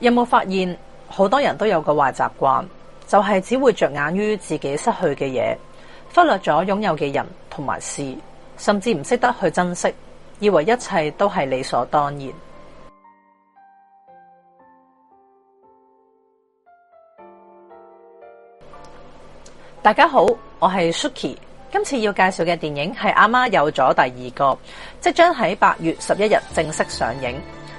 有冇發現好多人都有個壞習慣，就係只會着眼於自己失去嘅嘢，忽略咗擁有嘅人同埋事，甚至唔識得去珍惜，以為一切都係理所當然。大家好，我係 Suki，今次要介紹嘅電影係《阿媽有咗第二個》，即將喺八月十一日正式上映。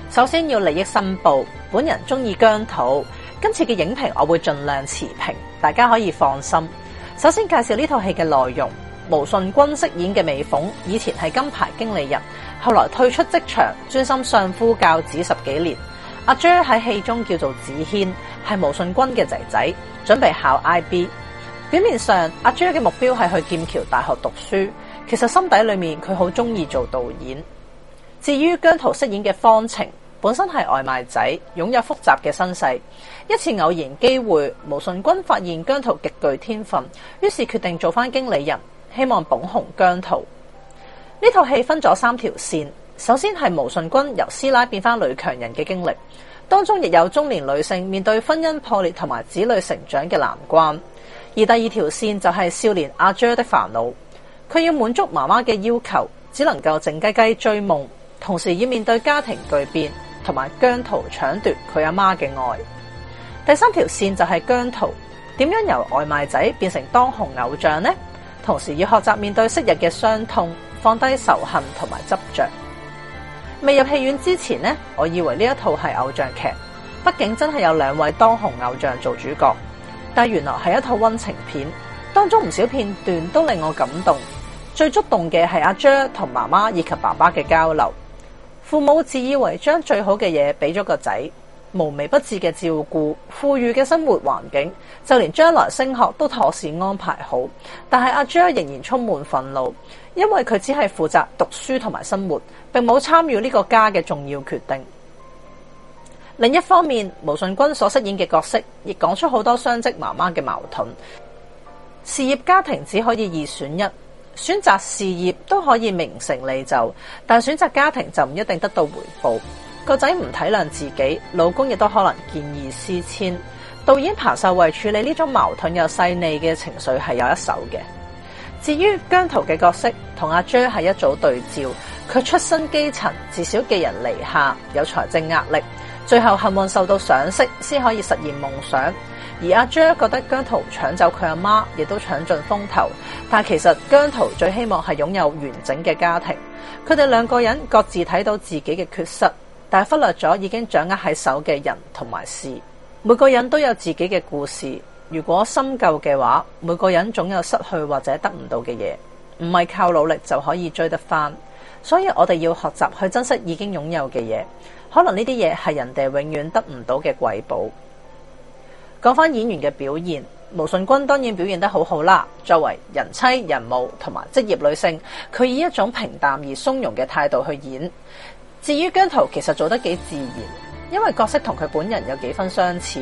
首先要利益申報，本人中意疆土，今次嘅影評我會盡量持平，大家可以放心。首先介紹呢套戲嘅內容，毛舜筠飾演嘅美鳳以前係金牌經理人，後來退出職場，專心相夫教子十幾年。阿 j 喺戲中叫做梓軒，係毛舜筠嘅仔仔，準備考 IB。表面上阿 j 嘅目標係去劍橋大學讀書，其實心底裏面佢好中意做導演。至於姜濤飾演嘅方程本身係外賣仔，擁有複雜嘅身世。一次偶然機會，毛舜筠發現姜濤極具天分，於是決定做翻經理人，希望捧紅姜濤。呢套戲分咗三條線，首先係毛舜筠由師奶變翻女強人嘅經歷，當中亦有中年女性面對婚姻破裂同埋子女成長嘅難關。而第二條線就係少年阿 j 的煩惱，佢要滿足媽媽嘅要求，只能夠靜雞雞追夢。同時要面對家庭巨變同埋姜濤搶奪佢阿媽嘅愛。第三條綫就係姜濤，點樣由外賣仔變成當紅偶像呢？同時要學習面對昔日嘅傷痛，放低仇恨同埋執着。未入戲院之前呢，我以為呢一套係偶像劇，畢竟真係有兩位當紅偶像做主角。但原來係一套溫情片，當中唔少片段都令我感動。最觸動嘅係阿 Joe 同媽媽以及爸爸嘅交流。父母自以為將最好嘅嘢俾咗個仔，無微不至嘅照顧、富裕嘅生活環境，就連將來升學都妥善安排好。但係阿 j 仍然充滿憤怒，因為佢只係負責讀書同埋生活，並冇參與呢個家嘅重要決定。另一方面，毛順君所飾演嘅角色，亦講出好多雙職媽媽嘅矛盾，事業家庭只可以二選一。選擇事業都可以名成利就，但係選擇家庭就唔一定得到回報。個仔唔體諒自己，老公亦都可能見異思遷。導演彭秀慧處理呢種矛盾又細膩嘅情緒係有一手嘅。至於姜濤嘅角色同阿 J 係一組對照。佢出身基層，至少寄人籬下，有財政壓力，最後幸運受到賞識，先可以實現夢想。而阿 Joe 覺得姜濤搶走佢阿媽，亦都搶盡風頭。但其實姜濤最希望係擁有完整嘅家庭。佢哋兩個人各自睇到自己嘅缺失，但係忽略咗已經掌握喺手嘅人同埋事。每個人都有自己嘅故事。如果深究嘅話，每個人總有失去或者得唔到嘅嘢，唔係靠努力就可以追得返。所以我哋要學習去珍惜已經擁有嘅嘢，可能呢啲嘢係人哋永遠得唔到嘅瑰寶。講翻演員嘅表現，吳順君當然表現得好好啦。作為人妻、人母同埋職業女性，佢以一種平淡而松容嘅態度去演。至於姜濤，其實做得幾自然，因為角色同佢本人有幾分相似。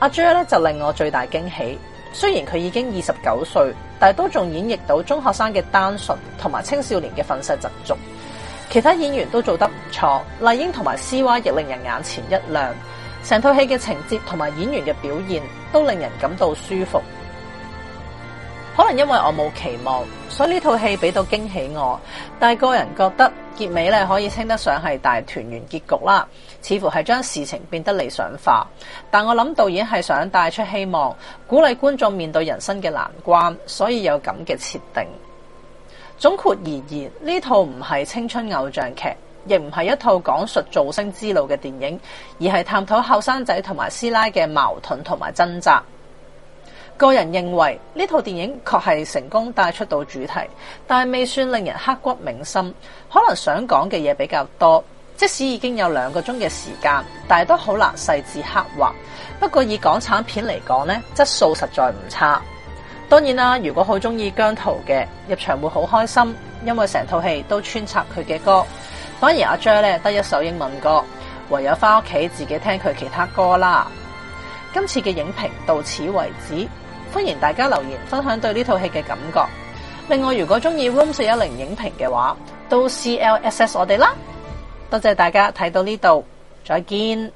阿 Jer 咧就令我最大驚喜。雖然佢已經二十九歲，但都仲演繹到中學生嘅單純同埋青少年嘅憤世嫉俗。其他演員都做得唔錯，麗英同埋施華亦令人眼前一亮。成套戲嘅情節同埋演員嘅表現都令人感到舒服。因為我冇期望，所以呢套戲俾到驚喜我。但係個人覺得結尾咧可以稱得上係大團圓結局啦，似乎係將事情變得理想化。但我諗導演係想帶出希望，鼓勵觀眾面對人生嘅難關，所以有咁嘅設定。總括而言，呢套唔係青春偶像劇，亦唔係一套講述造星之路嘅電影，而係探討後生仔同埋師奶嘅矛盾同埋掙扎。個人認為呢套電影確係成功帶出到主題，但係未算令人刻骨銘心。可能想講嘅嘢比較多，即使已經有兩個鐘嘅時，時間，但係都好難細緻刻畫。不過以港產片嚟講呢，質素實在唔差。當然啦，如果好中意姜濤嘅，入場會好開心，因為成套戲都穿插佢嘅歌。反而阿 Jer 呢，得一首英文歌，唯有返屋企自己聽佢其他歌啦。今次嘅影評到此為止。歡迎大家留言分享對呢套戲嘅感覺。另外，如果鍾意 Room 四一零影評嘅話，都 CLSS 我哋啦。多謝大家睇到呢度，再見。